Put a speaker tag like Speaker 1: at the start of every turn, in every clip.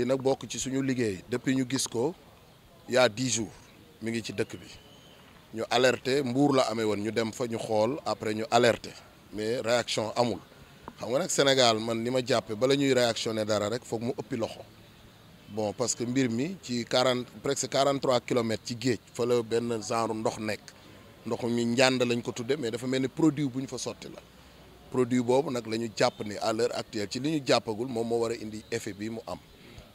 Speaker 1: lii nag bokk ci suñu liggéey depuis ñu gis ko il di jour dix mi ngi ci dëkk bi ñu alerte mbuur la amee woon ñu dem fa ñu xool après ñu alerte mais réaction amul xam nga nag Sénégal man ni ma jàppe bala ñuy réactionner dara rek foog mu ëppi loxo bon parce que mbir mi ci quarante presque quarante trois ci géej fa la benn genre ndox nekk ndox mi njànd lañ ko tudde mais dafa mel ni produit bu ñu fa sotti la produit boobu nag la ñu jàpp ni à l'heure actuelle ci li ñu jàppagul moom moo war a indi effet bi mu am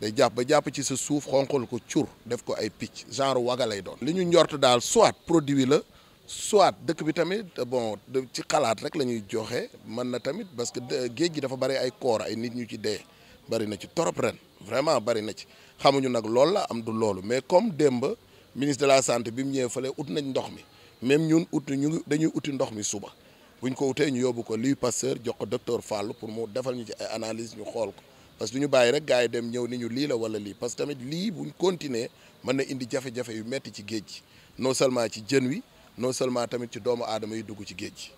Speaker 1: day japp ba ci sa souf ko def ko genre waga soit produit la soit dëkk bi tamit bon ci xalaat rek la na tamit parce que geej gi dafa bari ay koor ay nit ñu ci bari na ci torop ren vraiment bari na la am du mais comme le ministre de la santé bi nañ ndox mi même ñun ut ñu dañuy ndox mi suba buñ ko ñu ko docteur pour mu analyse parce que du ñu bàyyi rek gars yi dem ñëw ni ñu lii la wala lii parce que tamit lii buñ continuer mën na indi jafe-jafe yu metti ci géej gi non seulement ci jën wi non seulement tamit ci doomu aadama yu dugg ci géej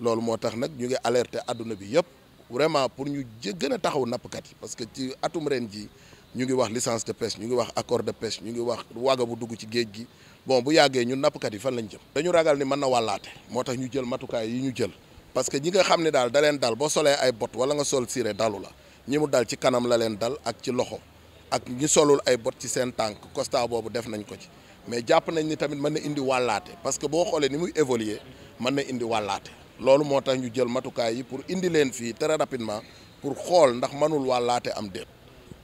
Speaker 1: loolu moo tax nag ñu ngi alerter àdduna bi yëpp vraiment pour ñu gën a taxaw nappkat yi parce que ci atum ren ji ñu ngi wax licence de ñu ngi wax accord de pêche ñu ngi wax waga bu dugg ci géej gi bon bu yàggee ñu nappkat yi fan lañ jëm dañu ragal ni mën na wàllaate moo tax ñu jël matukaay yi ñu jël parce que ñi nga xam ne daal da leen dal boo solee ay bot wala nga sol siré dalu la ñi mu dal ci kanam la leen dal ak ci loxo ak ñi solul ay bot ci seen tànk constat boobu def nañ ko ci mais jàpp nañ ni tamit mën na indi wàllaate parce que boo xoolee ni muy évoluer mën na indi wàllaate loolu moo tax ñu jël matukaay yi pour indi leen fii très rapidement pour xool ndax mënul wàllaate am déet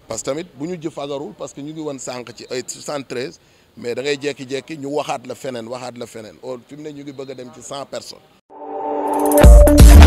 Speaker 1: parce que tamit bu ñu ji fagarul parce que ñu ngi woon sànq ci ay 73 mais da ngay jekki-jekki ñu waxaat la feneen waxaat la feneen au fi mu ne ñu ngi bëgg a dem ci 100 personnes